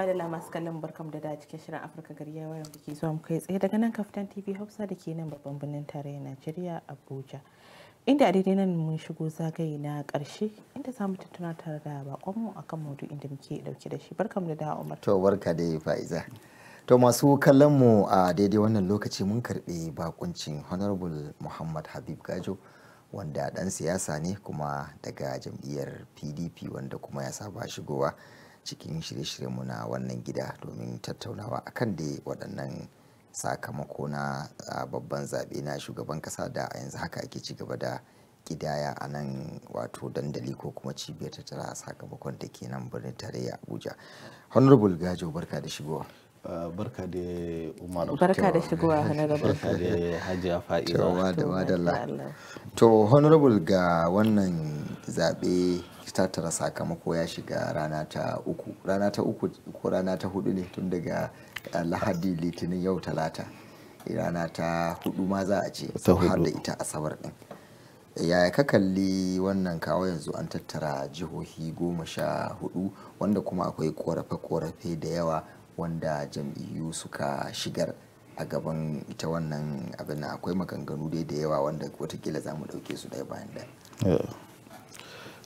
madalla masu kallon barkam da da cikin shirin afirka gari ya wayar da ke zuwa mu kai tsaye daga nan kaftan tv hausa da ke nan babban birnin tarayyar najeriya abuja inda a daidai nan mun shigo zagaye na karshe inda za mu tattuna tare da bakonmu kan maudu'in inda muke dauke da shi barkam da da umar to barka da fa'iza To masu kallon mu a daidai wannan lokaci mun karɓi bakuncin Honorable Muhammad Habib Gajo wanda dan siyasa ne kuma daga jam'iyyar PDP wanda kuma ya saba shigowa cikin shirye-shiryenmu na wannan gida domin tattaunawa a kan da waɗannan sakamako na babban zaɓe na shugaban ƙasa da a yanzu haka ake ci gaba da ƙidaya a nan wato dandali ko kuma cibiyar tattara a sakamakon da ke nan birnin tarayya abuja honorable gajo barka da shigowa barka da umar barka da shigowa honorable barka da to to honorable ga wannan zaɓe tattara sakamako ya shiga rana ta uku rana ta uku ko rana ta hudu ne tun daga lahadi litinin yau talata eh, rana ta hudu ma za a ce har da ita asabar din yaya ka kalli wannan kawo yanzu an tattara jihohi goma sha hudu wanda kuma akwai korafe-korafe da yawa wanda jam'iyyu suka shigar a gaban ita wannan abin akwai maganganu dai da yawa wanda watakila za mu ɗauke su daya bayan ɗaya eh.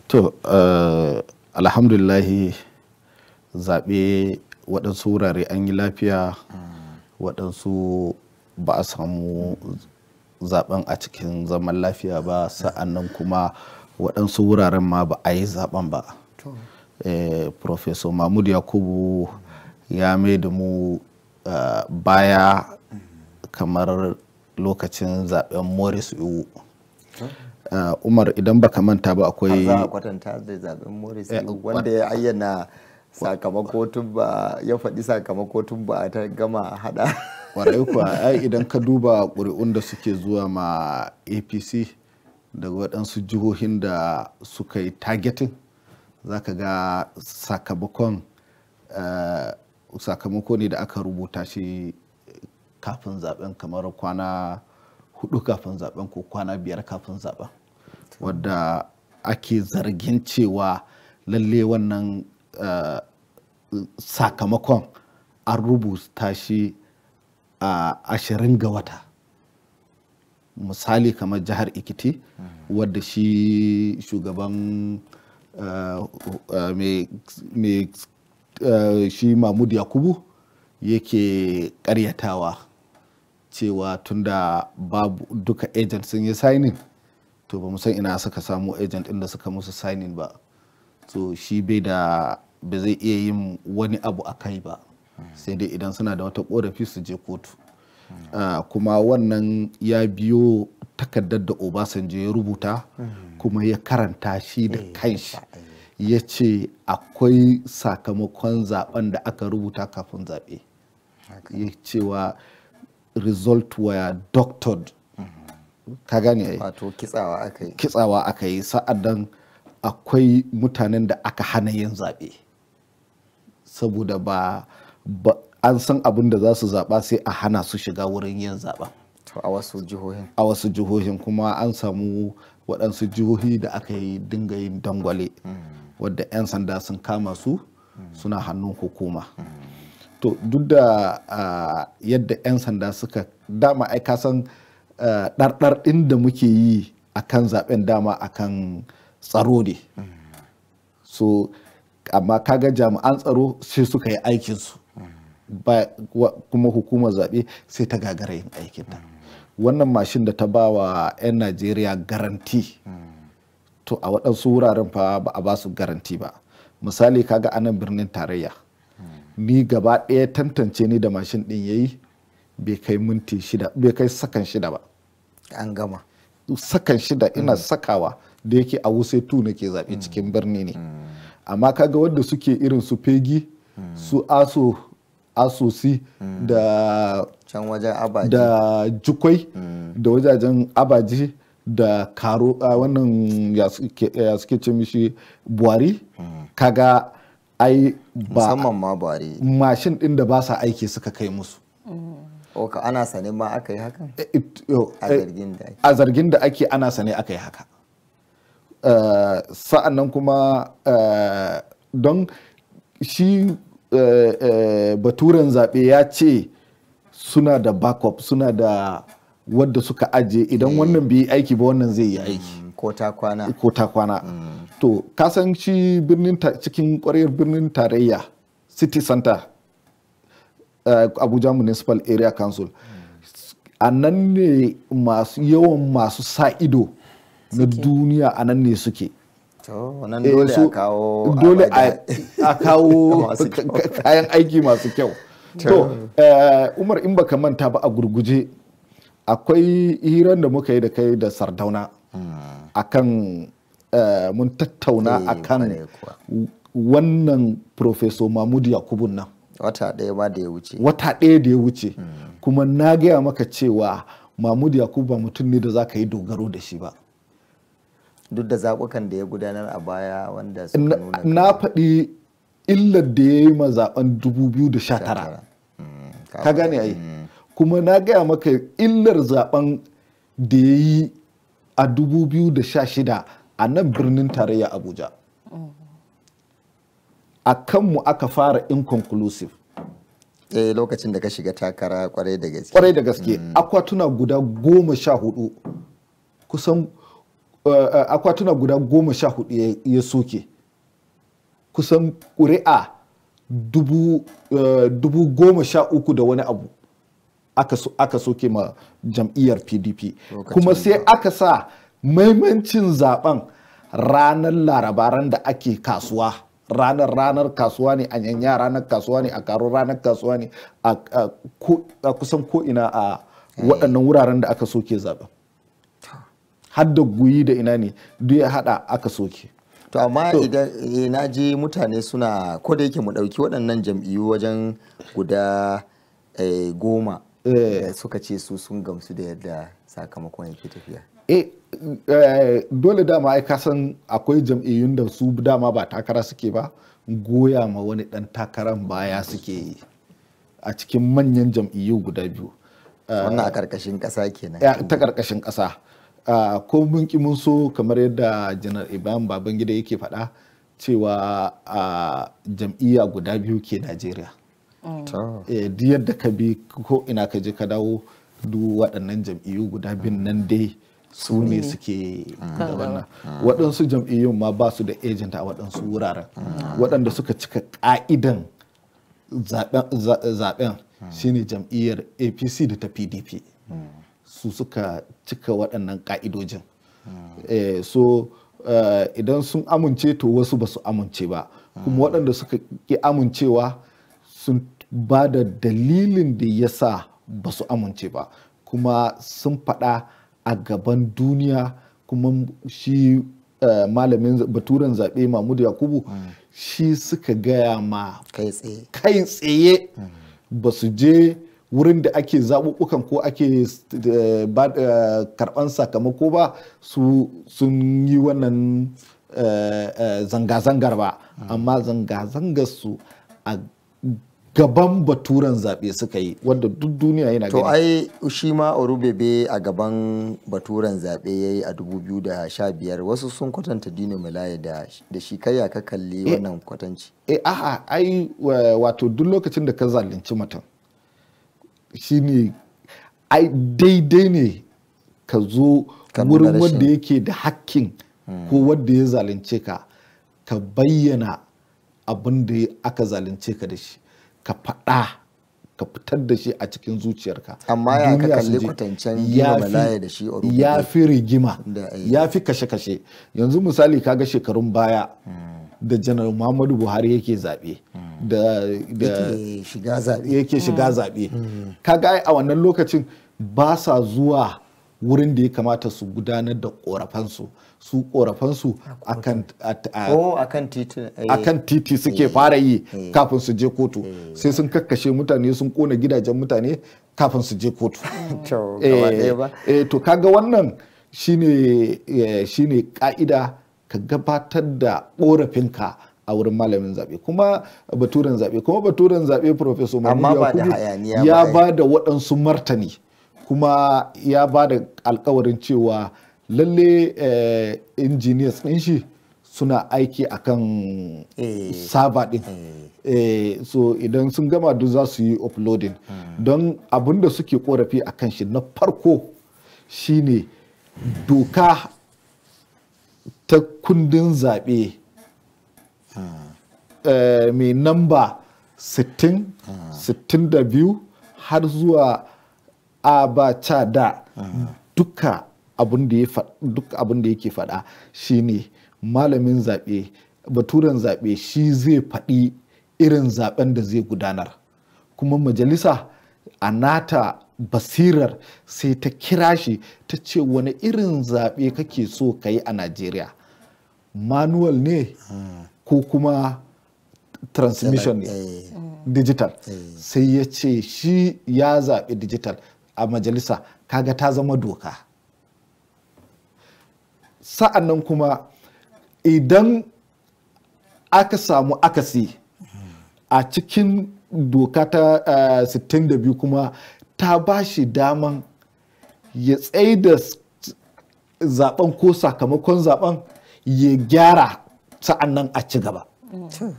to eh, alhamdulillahi zaɓe waɗansu wurare an yi lafiya waɗansu ba a samu zaɓen a cikin zaman lafiya ba sa'annan kuma waɗansu wuraren ma ba a yi zaɓen ba eh, professor mahmud yakubu ya mai da mu eh, baya kamar lokacin zaɓen morris iwu umar idan baka manta ba akwai za a kwatanta da zaben morris eh, wanda ya ayyana sakamako tun ba ya faɗi sakamako tun ba ta gama hada kwarai kuwa ai idan ka duba ƙuri'un da suke zuwa ma apc daga waɗansu jihohin da suka yi targeting za ka ga sakamakon sakamako ne da aka rubuta shi kafin zaben kamar kwana hudu kafin zaben ko kwana biyar kafin zaben wadda ake zargin cewa lalle wannan eh, sakamakon an rubuta shi a ashirin ga wata misali kamar jihar ikiti hmm. wadda shi shugaban eh, eh, shi mahmud yakubu yake karyatawa cewa tunda babu duka agent sun yi signing to ba san ina suka samu agent inda suka musu signing ba to shi bai da ba zai iya yin wani abu a kai ba sai dai idan suna da wata korafi su je kotu ah, kuma wannan ya biyo takardar da obasanjo ya rubuta kuma ya karanta shi da eh, kanshi eh. ya ce akwai sakamakon zaben da aka rubuta kafin zaɓe ya cewa result were doctored ka gane wato kitsawa aka yi kitsawa aka akwai mutanen da aka hana yin zaɓe saboda ba an san abin da za su zaɓa sai a hana su shiga wurin yin zaɓen a wasu jihohin a wasu jihohin kuma an samu waɗansu jihohi da aka yi dinga yin dangwale mm. wadda 'yan sanda sun kama su mm. suna hannun hukuma. Mm. to duk da yadda 'yan sanda suka dama ai kasan ɗarɗar ɗin da muke yi a kan zaɓen dama a kan tsaro ne so amma kaga jami'an tsaro sai suka yi aikinsu kuma hukumar zaɓe sai ta gagara yin aikinta wannan mashin da ta ba wa 'yan najeriya garanti to a waɗansu wuraren fa ba a ba su garanti ba misali kaga anan birnin tarayya ni gaba ɗaya tantance ni da mashin ɗin ya yi bai kai shida sakan shida ba an gama sakan shida ina mm. sakawa da yake a wuse tu nake zaɓe mm. cikin birni ne mm. amma kaga wadda suke irin su fegi su aso asosi da can wajen abaji da jukwai da wajajen abaji da karo a wannan ya suke ce mishi buhari kaga ai musamman ma bare mashin din da ba sa aiki suka kai musu mm. Oka ana sane ma aka yi haka? Eh, eh, a zargin da ake ana sane aka yi haka. Eh, Sa'an nan kuma don shi baturen zaɓe ya ce suna da backup suna da wadda suka ajiye idan wannan bai aiki ba wannan zai yi aiki. Mm, ko ta kwana. Mm. to kasanci birnin cikin kwarar birnin tarayya city center eh, abuja municipal area council a nan ne yawan masu sa ido na duniya a nan ne suke eh, dole a kawo kayan aiki masu kyau to eh, umar in baka manta ba a gurguje akwai hiran da muka yi da kai da sardauna hmm. akan Eh, mun tattauna eh, a kan wannan Profeso mahmud Yakubu nan wata ɗaya ma da ya wuce wata ɗaya da ya wuce hmm. kuma na gaya maka cewa mahmud yakubu ba mutum ne da za ka yi dogaro da shi ba duk da zaɓukan da ya gudanar a baya wanda suka nuna na faɗi illar da ya yi ma zaɓen 2019 hmm, ka gane ai hmm. kuma na gaya maka illar zaɓen da ya yi a 2016 a nan birnin tarayya abuja a kanmu aka fara inconclusive eh lokacin da ka shiga takara kwarai da gaske kwarai da gaske mm. akwatuna guda goma sha hudu kusan eh, eh, akwatuna guda goma sha hudu ya soke kusan ƙuri'a eh, dubu goma sha uku da wani abu aka soke ma jam'iyyar pdp kuma sai aka sa maimancin zaben ranar larabaran da ake kasuwa ranar ranar kasuwa ne a yanya ranar kasuwa ne a karo ranar kasuwa ne a kusan ko'ina a eh. waɗannan wuraren da aka soke zaben har da guyi da ina ne duk ya haɗa aka soke to amma idan eh, na je mutane suna ko da yake mu ɗauki waɗannan jam'iyyu wajen guda eh, goma suka ce su sun gamsu da yadda sakamakon yake tafiya e dole dama ai ka san akwai jam'iyyun da su dama ba takara suke ba goya ma wani dan takaran baya suke a cikin manyan jam'iyyu guda biyu wannan a karkashin eh, kasa kenan ta karkashin ƙasa ko mun ki mun so kamar yadda janar ibrahim babangida yake faɗa cewa a jam'iyya guda biyu ke najeriya mm. duk yadda ka bi ko ina ka je ka dawo duk waɗannan jam'iyyu guda bin nan dai su ne suke gabana waɗansu jam'iyyun ma ba su da ejenta a waɗansu wuraren mm. waɗanda suka cika ƙa'idan zaben mm. shine jam'iyyar apc da ta pdp mm. su suka cika waɗannan ƙa'idojin eh, so eh, idan sun amince to wasu ba su amince ba kuma waɗanda suka ƙi amincewa sun ba da dalilin da ya sa ba su amince ba kuma sun faɗa a gaban duniya kuma shi uh, malamin baturen zaɓe mahmudu yakubu mm. shi suka gaya ma kai tsaye mm. ba su je wurin da ake zaɓuɓɓukan ko ake uh, karɓan sakamako ba su sun yi wannan uh, zanga-zangar ba mm. amma zanga-zangar su a gaban baturan zaɓe suka yi wanda duk duniya yana to ai shi ma orubebe a gaban baturan zaɓe ya yi a 2015 wasu sun kwatanta dino milaya da shi kai ka kalli eh, wannan kwatanci e eh, aha ai wato duk lokacin da ka zalunci mutum ne ai daidai ne ka zo wurin wanda yake da hakkin hmm. ko wanda ya zalunce ka ka bayyana abin da aka zalunce ka da shi ka faɗa ka fitar da shi a cikin zuciyarka amma ya ka kalli kwatancen malaya da shi ya fi rigima ya fi kashe-kashe yanzu misali kaga shekarun baya hmm. da janar muhammadu buhari yake zaɓe hmm. yake shiga zaɓe kaga hmm. a wannan lokacin ba sa zuwa wurin da ya kamata su gudanar da ƙorafansu su korafansu eh. akan titi suke fara yi eh. Eh. kafin su je kotu sai sun kakkashe mutane sun kona gidajen mutane kafin su je kotu mm. to kaga wannan shine ka'ida ka gabatar da korafinka a wurin malamin zaɓe kuma baturen zaɓe kuma baturen zaɓe professor ya ba da waɗansu martani kuma ya ba da alkawarin cewa lalle eh, engineers ɗin shi suna aiki akan eh, saba ɗin eh. so idan sun gama duk za su yi uploading hmm. don abin da suke korafi a kan shi na farko shine doka ta kundin zaɓe hmm. mai namba 60 62 hmm. har zuwa abacada duka abin da ya duk abin da yake faɗa shine malamin zaɓe baturen zaɓe shi zai faɗi irin zaɓen da zai gudanar kuma majalisa a nata basirar sai ta kira shi ta ce wani irin zaɓe kake so ka yi a najeriya manual ne ko kuma transmission ne eh. digital eh. sai ya ce shi ya zaɓi digital a majalisa kaga ta zama doka sa'an nan kuma idan aka samu akasi a cikin doka ta eh, da 62 kuma ta ba shi daman ya tsaye da zaben ko sakamakon zaben ya gyara sa'an nan a ci gaba. Mm.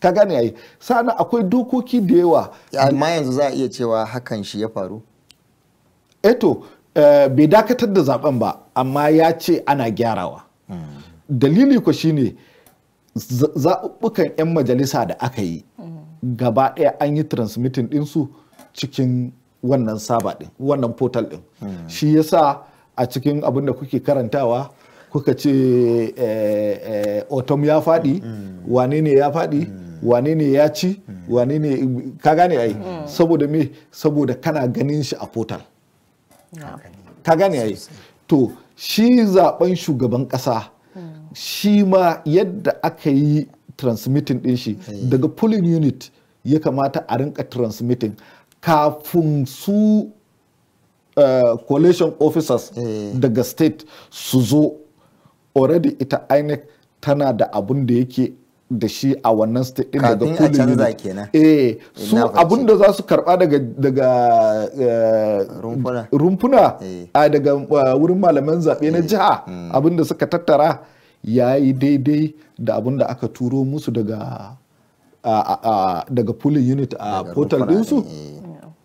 Ka gane yayi sa'an akwai dokoki da yawa. Amma yanzu za a iya cewa hakan shi ya faru? Eto, eh eh, bai dakatar da zaben ba. amma ya ce ana gyarawa dalili ko shine zaɓuɓɓukan 'yan majalisa da aka yi gaba ɗaya an yi transmitting ɗinsu cikin wannan saba ɗin wannan portal ɗin shi yasa a cikin abin da kuke karantawa kuka ce otom eh, eh, ya faɗi wane ne ya faɗi wane ne ya ci wane ne ka gane ai saboda me saboda kana ganin shi a portal ka gane ai to shi zaben shugaban ƙasa shi ma yadda aka yi transmitting din shi eh. daga polling unit ya kamata a rinka transmitting kafin su uh, coalition officers eh. daga state su zo already ita INEC tana da abun da yake da shi a wannan state din daga kullum ne. eh su abun da za su karba daga daga eh, rumfuna eh. a daga eh, wurin malaman zaɓe na jiha hmm. abun da suka tattara ya yi daidai da abun da aka turo musu daga daga pulling unit a portal dinsu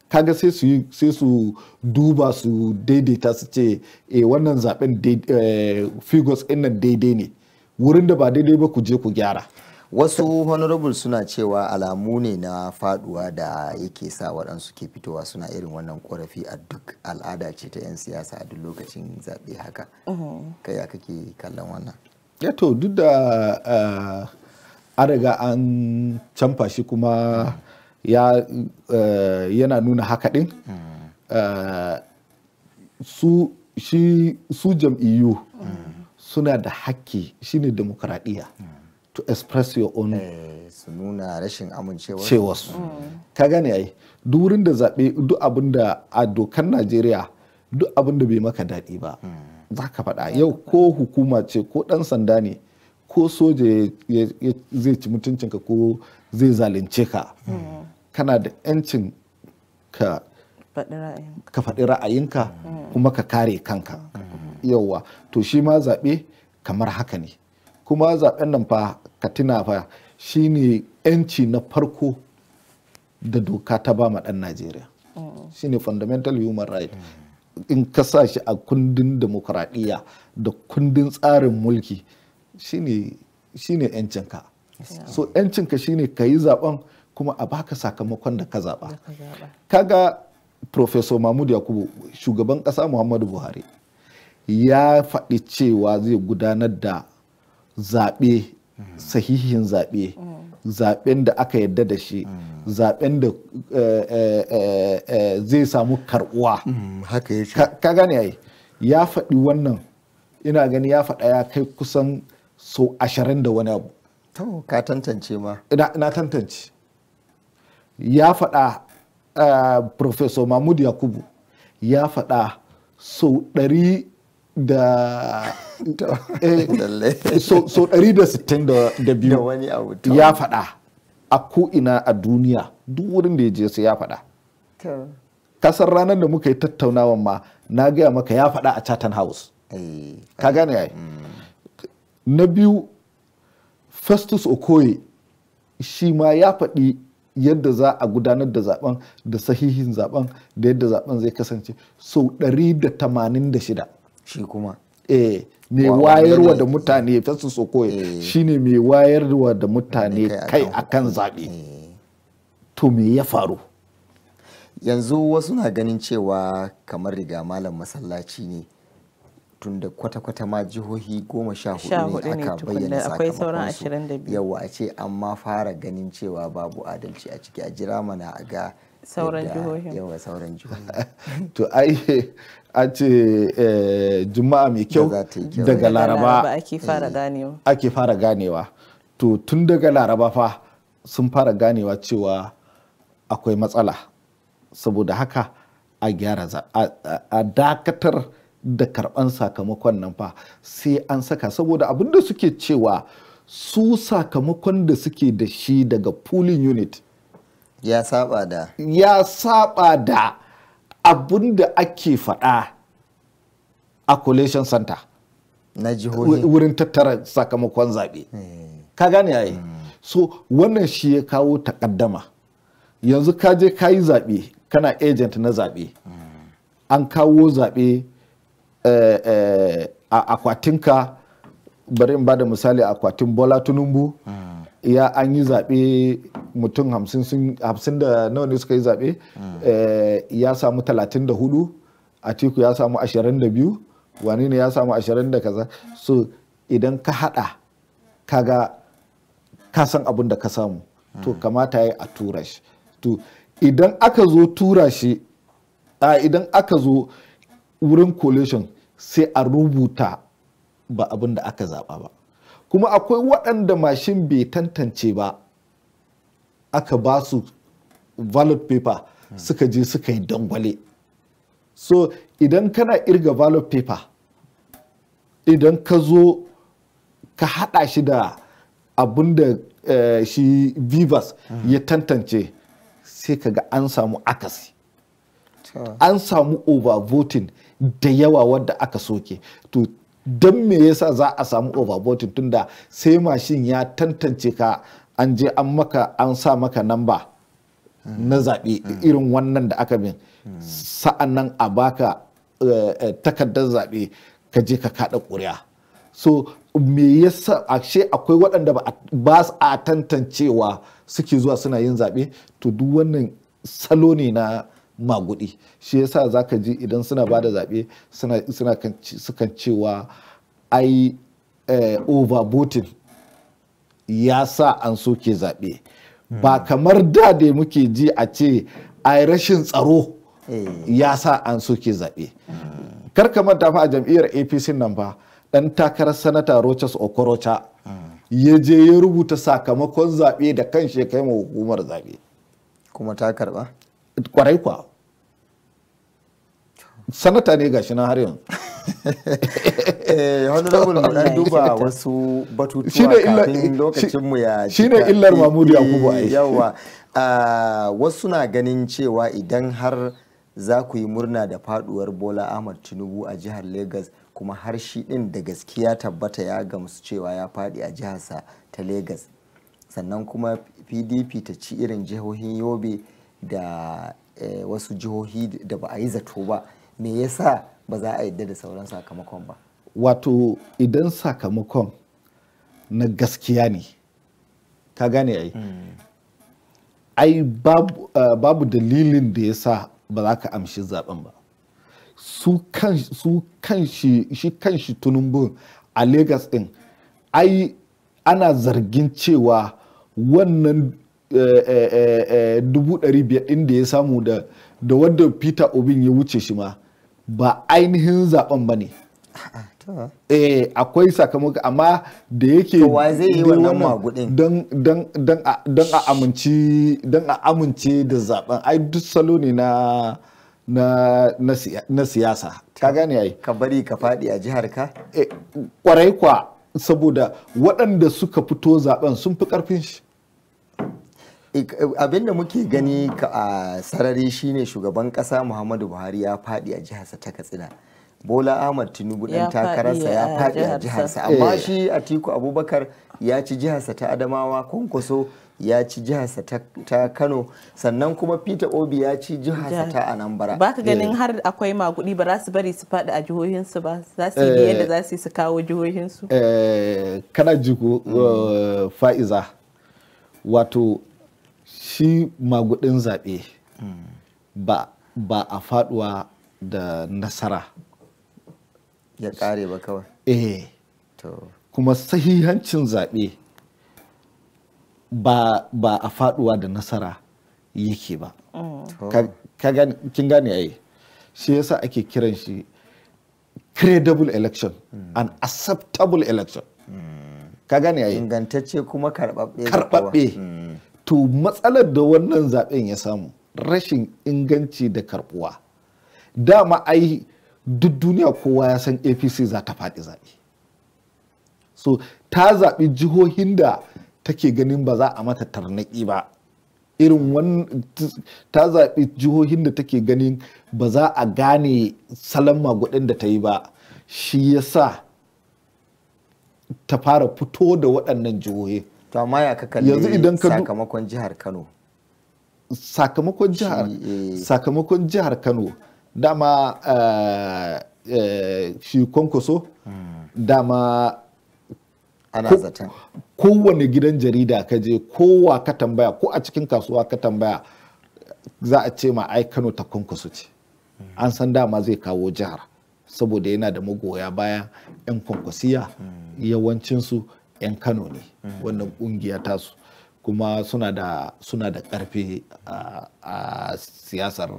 kaga sai su sai su duba su daidaita su ce eh wannan zaben figures ɗin nan daidai ne wurin da ba daidai ba ku je ku gyara wasu honorable suna cewa alamu ne na faduwa da yake sa waɗansu ke fitowa suna irin wannan korafi a duk al'ada ce ta 'yan siyasa a duk lokacin zaɓe haka mm-hmm. kai ya kake kallon wannan ya eh to duk da eh, an riga an canfa shi kuma eh, yana nuna haka ɗin mm. su jam'iyyu mm. suna da hakki shine demokradiyya mm. to express your own eh, su nuna rashin amincewa su mm. ka gane ai duk wurin da zaɓe duk abin a dokan najeriya duk abin bai maka daɗi ba mm. za ka faɗa yau ko hukuma ce ko ɗan sanda ne ko soja zai ci mutuncinka ko zai zalunce ka mm. kana da 'yancin ka faɗi ra'ayinka kuma ka kare kanka yauwa to shi ma zaɓe kamar haka ne kuma zaɓen nan fa katina fa shine yanci na farko da doka ta ba ma dan najeriya shine fundamental human right in ka sa shi a kundin demokradiyya da kundin tsarin mulki shine yancinka so yancinka shine ka yi zaben kuma a baka sakamakon da ka zaba kaga professor mahmud yakubu shugaban kasa muhammadu buhari ya faɗi cewa zai gudanar da zaɓe sahihin zaɓe zaɓen da aka yadda da shi zaɓen da eh, eh, eh, zai samu karɓuwa mm, haka ya ce ka gane ai ya faɗi wannan ina gani ya faɗa ya kai kusan so ashirin da wani abu to ka tantance ma na tantance ya faɗa professor mahmud yakubu ya faɗa so ɗari da eh, so 162 ya faɗa a ko'ina a duniya duk wurin da ya je sai ya faɗa kasar ranar da muka yi tattaunawa ma na gaya maka ya faɗa a chatham house eh, ka gane yayi mm. na biyu festus okoye shi ma ya faɗi yadda za a gudanar da zaben da sahihin zaben da yadda zaben zai kasance sau 186 shi kuma eh mai eh. wayarwa da mutane fesu sokoye shine mai wayarwa da mutane kai akan zaɓe eh. to me ya faru yanzu wasu na ganin cewa kamar riga malam masallaci ne tunda kwata-kwata ma jihohi goma sha hudu ne aka bayyana sakamakonsu yawa a ce amma fara ganin cewa babu adalci a ciki a jira mana a ga sauran jihohin yawa sauran jihohin to ai a ce eh, juma'a mai kyau daga laraba mm. ake fara ganewa to tun daga laraba fa sun fara ganewa cewa akwai matsala saboda haka a gyara a dakatar da karban sakamakon nan fa sai an saka saboda abinda suke cewa su sakamakon da suke da shi daga pooling unit ya saba da ya saba da abin da ake faɗa a collation center na jihohi wurin tattara sakamakon zaɓe hmm. ka gane yayi hmm. so wannan shi ya kawo takaddama yanzu ka je ka yi zaɓe kana agent na zaɓe hmm. an kawo zaɓe eh, eh, a akwatinka bari in bada misali akwatin bola tunumbu ya an yi zaɓe mutum hamsin da nawa ne suka yi zaɓe eh, ya samu talatin da hudu atiku ya samu ashirin da biyu wani ne ya samu ashirin da kaza so idan ka haɗa kaga ka san abin da ka samu to kamata ya yi a tura shi to idan aka zo tura shi a idan aka zo wurin coalition sai a rubuta ba abin da aka zaɓa ba kuma akwai waɗanda mashin bai tantance ba aka ba su ballot paper suka je suka yi dangwale so idan kana irga ballot paper idan ka zo ka hada shi da abin da eh, shi vivas ya tantance sai ka ga an samu akasi an samu overvoting da yawa wadda aka soke to don me yasa za a samu overvoting tunda sai mashin ya tantance ka an je an maka an sa maka namba na zaɓe irin wannan da aka bin sa'an nan a baka eh, eh, takardar zaɓe ka je ka kaɗa ƙuri'a so me yasa ashe akwai waɗanda ba a tantancewa suke zuwa suna yin zaɓe to duk wannan salo ne na magudi shi yasa za ka ji idan suna ba da zaɓe suna sukan cewa ai eh, overvoting ya sa an soke zaɓe ba kamar da da muke ji a ce a rashin tsaro eh. ya sa an soke zaɓe kar kamar dafa a jam'iyyar apc nan ba ɗan takarar sanata rochas okorocha hmm. ya je ya rubuta sakamakon zaɓe da kan shekai ma hukumar zaɓe kuma ta karɓa kwarai kwa sanata ne ga nan har yanzu eh, honorable mun duba wasu batutuwa kafin lokacinmu ya Shi ne illar mamudu eh, yakubu ai yawa ah, wasu na ganin cewa idan har za ku yi murna da faduwar bola ahmad tinubu a jihar Legas, kuma har shi din da gaskiya tabbata ya gamsu cewa ya fadi a jiharsa ta Legas, sannan kuma pdp ta ci irin jihohin yobe da eh, wasu jihohi da ba a yi zato ba me yasa ba za a yadda da sauran sakamakon ba wato idan sakamakon na gaskiya ne ka gane ai hmm. ai eh, babu, dalilin da yasa sa ba za ka amshi zaben ba su kan shi kan shi tunumbun a lagos din ai ana zargin cewa wannan eh, eh, dubu ɗari biyar ɗin da ya samu da wadda peter obin ya wuce shi ma ba ainihin zaben ba ne eh, akwai sakamako amma da yake wa zai yi don a amince don a amince da zaben ai duk salo ne na na, siyasa ka gane ai ka bari ka fadi a jihar ka eh, kwarai kwa saboda waɗanda suka fito zaben sun fi karfin shi abin da muke gani a sarari shine shugaban kasa muhammadu buhari ya fadi a jiharsa ta katsina bola ahmad tinubu dan takararsa ya fadi a jiharsa amma eh. shi atiku abubakar ya ci jiharsa ta adamawa kwankwaso ya ci jiharsa ta kano sannan kuma peter obi ya ci jiharsa ta anambra ba ka ganin eh. har akwai magudi ba za su bari su fadi a jihohinsu ba za su yi eh. yadda za su su kawo jihohinsu kana jiko mm. uh, fa'iza wato shi magudin zaɓe ba a faduwa da nasara ya ƙare ba kawai eh kuma sahihancin zaɓe ba a faduwa da nasara yake ba kin gane ai shi yasa ake kiran shi credible election hmm. an acceptable election hmm. ka gane ai ingantacce kuma karbabbe karbabbe hmm. to matsalar da wannan zaben ya samu rashin inganci da karbuwa dama ai duk duniya kowa ya san apc za ta faɗi zaɓe so ta zaɓi jihohin da take ganin ba za a mata tarnaki ba irin wani ta zaɓi jihohin da take ganin ba za a gane salon magudin da ta yi ba shi ya sa ta fara fito da waɗannan jihohin. to amma ya ka kalli yanzu idan ka sakamakon jihar Kano sakamakon jihar eh. sakamakon jihar Kano dama eh, eh, shi kwankwaso hmm. dama ana zaton kowane gidan jarida ka je kowa ka tambaya ko a cikin kasuwa ka tambaya za a ce ma ai Kano ta kwankwaso ce hmm. an san dama zai kawo jihar saboda yana da magoya baya 'yan kwankwasiya hmm. yawancinsu 'yan kano ne mm. wannan kungiya tasu kuma suna da suna da karfi a siyasar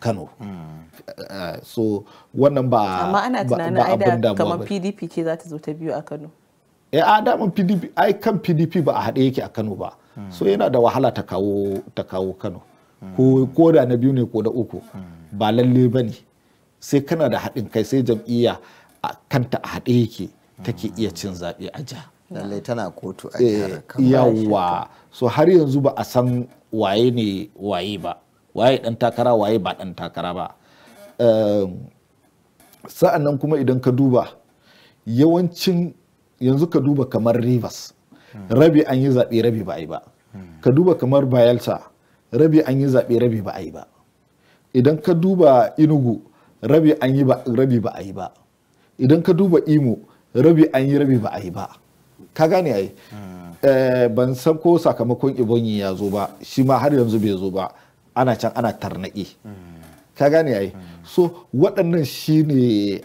kano mm. eh, eh, so wannan ba amma ana tunanin da kamar pdp ce za ta zo ta biyu a kano ya eh, a daman pdp ai kan pdp ba a haɗe yake a kano ba mm. so yana da wahala ta kawo ta kawo kano ko da na biyu ne ko da uku ba lalle ba ne sai kana da haɗin kai sai jam'iyya a kanta a haɗe yake take iya cin zaɓe a jiha lallai tana kotu a jihar eh, yawa so har yanzu ba a san waye ne waye ba waye dan takara waye ba dan takara ba ehm, sa'an nan kuma idan ka duba yawancin yanzu ka duba kamar rivers hmm. rabi an yi zaɓe rabi ba a yi ba hmm. ka duba kamar bayelsa rabi an yi zaɓe rabi ba a yi ba idan ka duba inugu rabi an yi rabi ba a yi ba idan ka duba imo rabi an yi rabi ba a yi ba ka gane ai eh, ban san ko sakamakon ibonyi ya zo ba shi ma har yanzu bai zo ba ana can ana tarnaƙi ka gane ai so waɗannan shi ne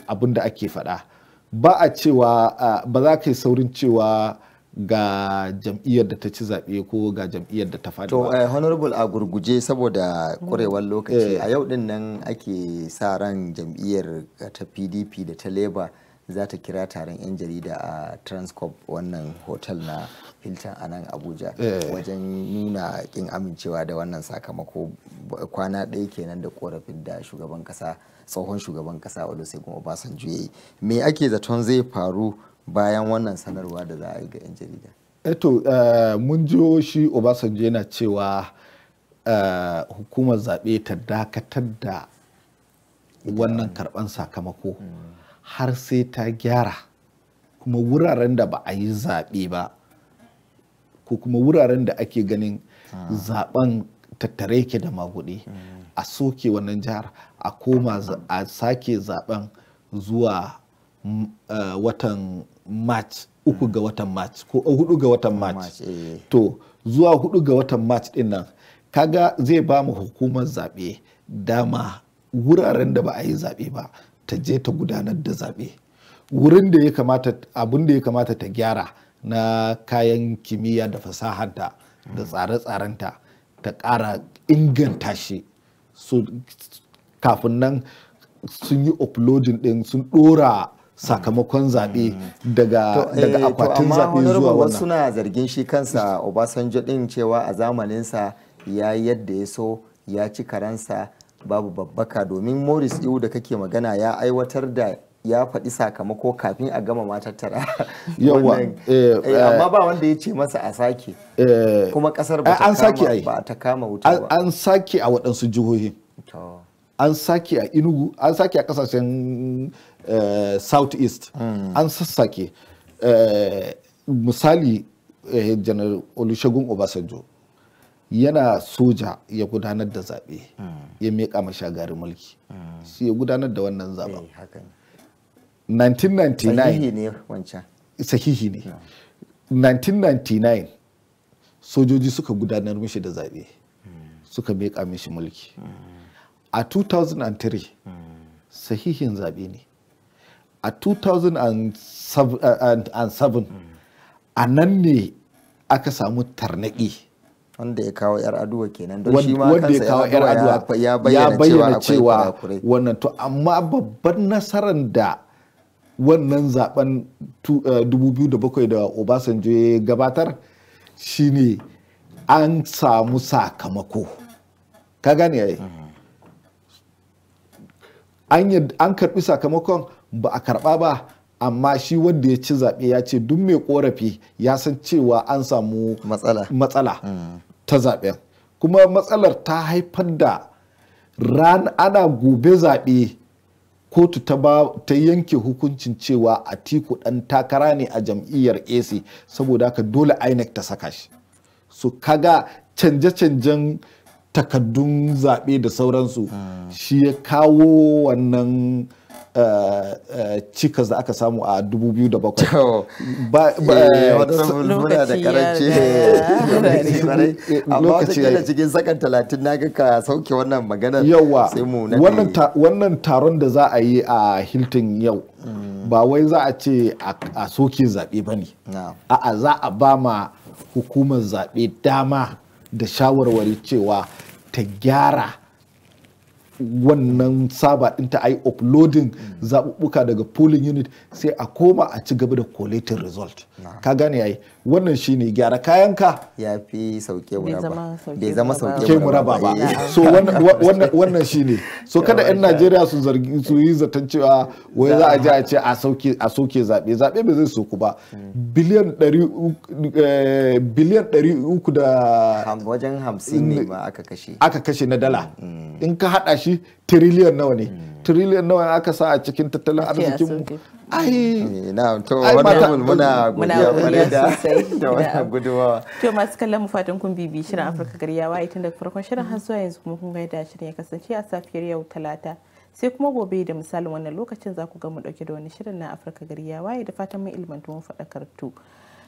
abin da ake faɗa ba a cewa ba za ka yi saurin cewa ga jam'iyyar da ta ci zaɓe ko ga jam'iyyar da ta faɗi to uh, honorable a gurguje saboda mm. ƙwarewar lokaci eh. a yau din nan ake sa ran jam'iyyar ta pdp da ta labour za ta kira taron 'yan jarida a transcorp wannan hotel na hilton a nan abuja eh. wajen nuna kin amincewa da wannan sakamako kwana ɗaya kenan da korafin da shugaban kasa tsohon shugaban kasa olusegun kuma ya yi me ake zaton zai faru bayan wannan sanarwa da za a yi ga 'yan jarida eto eh eh, mun ji shi obasanjo yana cewa hukumar zaɓe ta dakatar da wannan karɓan sakamako hmm. har sai ta gyara kuma wuraren da ba a yi zaɓe ba ko kuma wuraren da ake ganin ah. zaɓen tattare yake da magudi hmm. a soke wannan jihar a koma a sake zaɓen zuwa mm, eh, watan march uku ga hmm. watan march ko eh, hudu eh. ga watan march to zuwa hudu ga watan march din nan kaga zai ba mu hukumar zaɓe dama wuraren da ba a yi zaɓe ba ta je ta gudanar da zaɓe wurin da ya kamata abin da ya kamata ta gyara na kayan kimiyya da fasahanta da tsare-tsarenta ta ƙara inganta shi kafin nan sun yi uploading ɗin sun ɗora sakamakon zaɓe daga eh, akwatin zaɓe zuwa wannan. wasu suna zargin shi kansa Obasanjo ɗin cewa a zamaninsa ya yadda ya so ya ci karansa babu babbaka domin morris iwu da kake magana ya aiwatar da ya faɗi sakamako kafin a gama matattara. yawa eh, eh, amma eh, ba wanda ya ce masa a sake kuma kasar ba ta kama wuta ba an sake a waɗansu jihohi an sake a inugu an sake a kasashen south east hmm. an sassake misali janar olusegun obasanjo yana soja ya gudanar da zaɓe hmm. ya miƙa mashagarin mulki hmm. sai ya gudanar da wannan zaɓe 1999 eh, sahihi ne sahihi ne 1999 hmm. sojoji suka gudanar mishi da zaɓe suka miƙa mishi mulki a 2003 sahihin zaɓe ne a 2007 uh, a nan ne aka samu tarnaƙi wanda ya kawo yar aduwa kenan don shi ma kansa yar aduwa ya bayyana cewa wannan to amma babban nasarar da wannan zaben 2007 eh, da Obasanjo ya gabatar shine an samu sakamako ka gane yayi mhm. an karbi sakamakon ba a karba ba amma shi wanda ya ci zaɓe ya ce duk mai ƙorafi ya san cewa an samu matsala mm. ta zaɓen kuma matsalar ta haifar da ran ana gobe zaɓe kotu ta yanke hukuncin cewa atiku ɗan takara ne a jam'iyyar ac saboda haka dole inec ta saka shi su kaga canje-canjen takaddun zaɓe da sauransu mm. shi ya kawo wannan cikas da aka samu a 2007 ba eh, eh, muna da karanci amma wata cikin sakan talatin na ga ka sauke wannan magana yawa wannan taron da za a yi a hilton yau mm. ba wai za a ce a soke zaɓe ba ne a'a za a ba ma hukumar zaɓe dama da shawarwari cewa ta gyara wannan saba din ta ai uploading mm. zaɓuɓɓuka daga polling unit sai a koma a ci gaba da collating result ka gane yayi wannan shine gyara kayanka ya fi sauke ba bai zama sauke muraba ba so wannan shine so kada yan Najeriya su zargi su yi zaton cewa wai za a je a ce a sauke zaɓe zaɓe bai zai soku ba biliyan 300 eh, biliyan da wajen hamsin ne ba aka kashe aka kashe na dala mm. in ka hada shi tiriliyan nawa ne mm. tiriliyan nawa aka sa a cikin tattalin arzikin ai na to wani muna godiya kwarai da da wannan gudumawa to masu kallon mu fatan kun bibi shirin Afirka garyawa ita da farkon shirin har zuwa yanzu kuma kun ga yadda shirin ya kasance a safiyar yau talata sai kuma gobe da misalin wannan lokacin za ku ga mu dauke da wani shirin na Afirka garyawa da fatan mun ilmantu mun kartu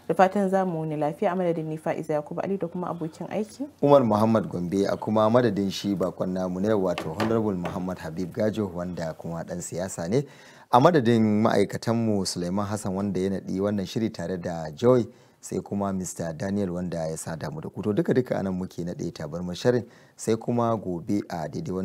da fatan za mu wani lafiya a madadin nifa fa'iza yakubu ali da kuma abokin aiki umar muhammad gombe a kuma madadin shi bakon namu ne wato honorable muhammad habib gajo wanda kuma dan siyasa ne a madadin ma'aikatanmu suleiman hassan wanda ya naɗi wannan shiri tare da joy sai kuma mr daniel wanda ya sa damu da kuto duka duka anan muke naɗe tabarmar shirin sai kuma gobe a daidai